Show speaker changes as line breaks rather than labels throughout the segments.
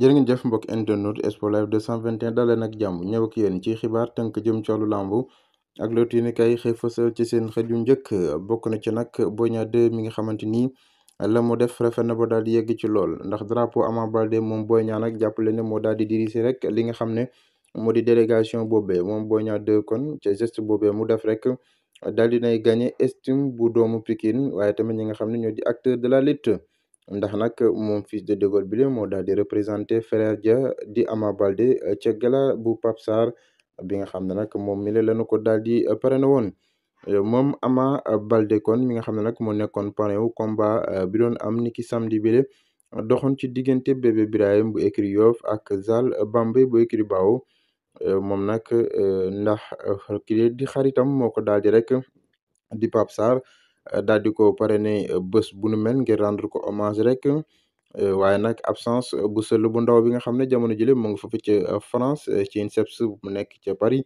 jërë ngeen jëf mbokk internet Sport Life 221 dalee nag jàmm ñëw ak yéen ci xibaar tënk jëm ci wàllu làmb ak loolu yéen kay xëy fësal ci seen xel yu njëkk bokk na ci nag Boy Niang 2 mi nga xamante ni la mu def rafet na ba daal di yegg ci lool ndax drapeau Ama Baldé moom Boy Niang nag jàppale ne moo daal di dirigé rek li nga xam ne moo di délégation boobee moom Boy Niang kon ci geste boobee mu def rek dal di nay gagné estime bu doomu Pikine waaye tamit ñi nga xam ne ñoo di acteur de la lutte. ndax nag moom fils de De Gaulle bile moo daal di représenté frère ja di Ama Baldé eh, ca gala bu Pape Sarr bi nga xam ne nag moom mi la lañu ko daal di eh, parrainé woon eh, moom Ama Baldé kon mi nga xam ne nag moo nekkoon parrain wu combat bi doon am niki samedi bile doxoon ci diggante Bébé Birahim bu écrit yoof ak Zal bambe bu écrit Baaw moom nag ndax kii di xaritam moo ko daal di rek di Pape daal di ko parrainé euh, bés bu nu mel ngir rendre ko hommage rek euh, waaye nag absence bu sell bu ndaw bi nga xam ne jamono jële mu ngi foofu ca euh, France ci INSEPS mu nekk ca Paris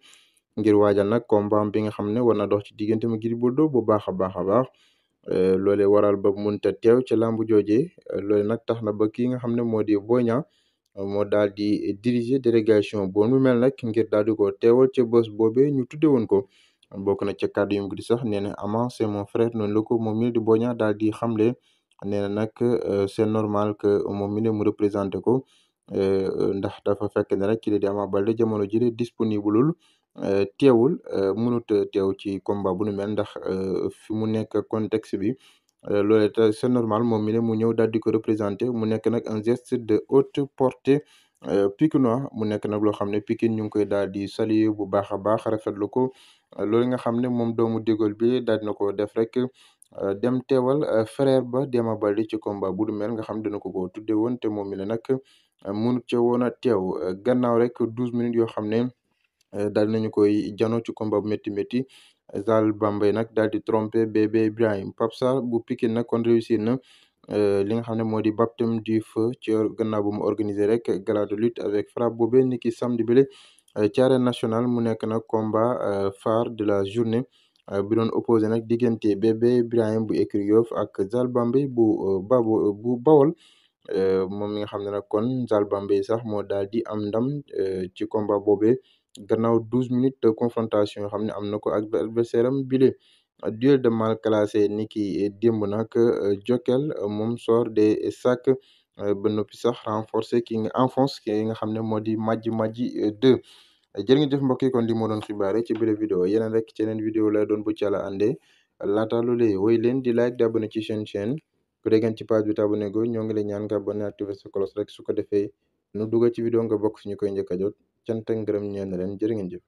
ngir waajal nag combat bi nga xam ne war na dox ci diggante mu Gris Bordeaux bu baax a baax a baax loole waral ba munta teew ci làmb jooje loole nag tax na ba kii nga xam ne moo di Boy Niang moo daal di diriger délégation boo mu mel nag ngir daal di ko teewal ca bés boobee ñu tudde woon ko bokk na ca kàddu yu mu di sax nee na Ama c'est mon frère noonu la ko moom mi di Boy Niang daal di xamle nee na nag euh, c'est normal que moom mi ne mu représenté ko euh, ndax dafa fekk ne rek ki la di Ama Baldé jamono jii disponible euh, teewul mënut teew ci combat bu nu mel ndax fi mu nekk contexte bi loolee c'est normal moom mi ne mu ñëw daal di ko représenté mu nekk nag un gest de haute portée. Euh, Pikinois mu nekk nag loo xam ne Pikine ñu ngi koy daal di saluer bu baax a baax rafetlu ko loolu nga xam ne moom doomu Dégol bi daal na ko def rek euh, dem teewal euh, frère ba Demba Baldé ci combat bu du mel nga xam dina ko ko tudde woon te moom mi la nag mënu ca woon a teew gannaaw rek douze minutes yoo xam ne daal nañu koy jano ci combat bu métti métti Zal Bambey nag daal di trompé bébé Ibrahim bu Pikine nag kon réussir na Euh, li nga xam ne moo di baptême du feu ci gannaaw bu mu organisé rek gala de lutte avec frappe boobee ni ki samedi bile euh, ci arène nationale mu nekk nag combat euh, phare de la journée bi doon opposé nag diggante Bébé Birahim bu écurie ak Zal bu babo bu Bawol moom mi nga xam ne nag kon Zal sax moo daal di am ndam ci combat boobee gannaaw douze minutes de confrontation yoo xam ne am na ko ak bile duel de mal classé ni ki démb nag euh, Jokal euh, moom sort des sacs euh, ba noppi sax renforcé ki nga enfonce ki nga xam ne moo di Madji Madji 2 jërë ngeen jëf mbokk kon li moo doon xibaare ci biir vidéo yenen rek ci yeneen vidéo la doon bu ci la àndee laata loolee woy leen di like di ci chaîne chaîne ku déggan ci page bi te abonné go ñoo ngi lay ñaan ka abonné activé sa cloche rek su ko defee nu dugal ci vidéo nga bokk suñu koy njëkk jot cant ak ngërëm ñeen leen jërë jëf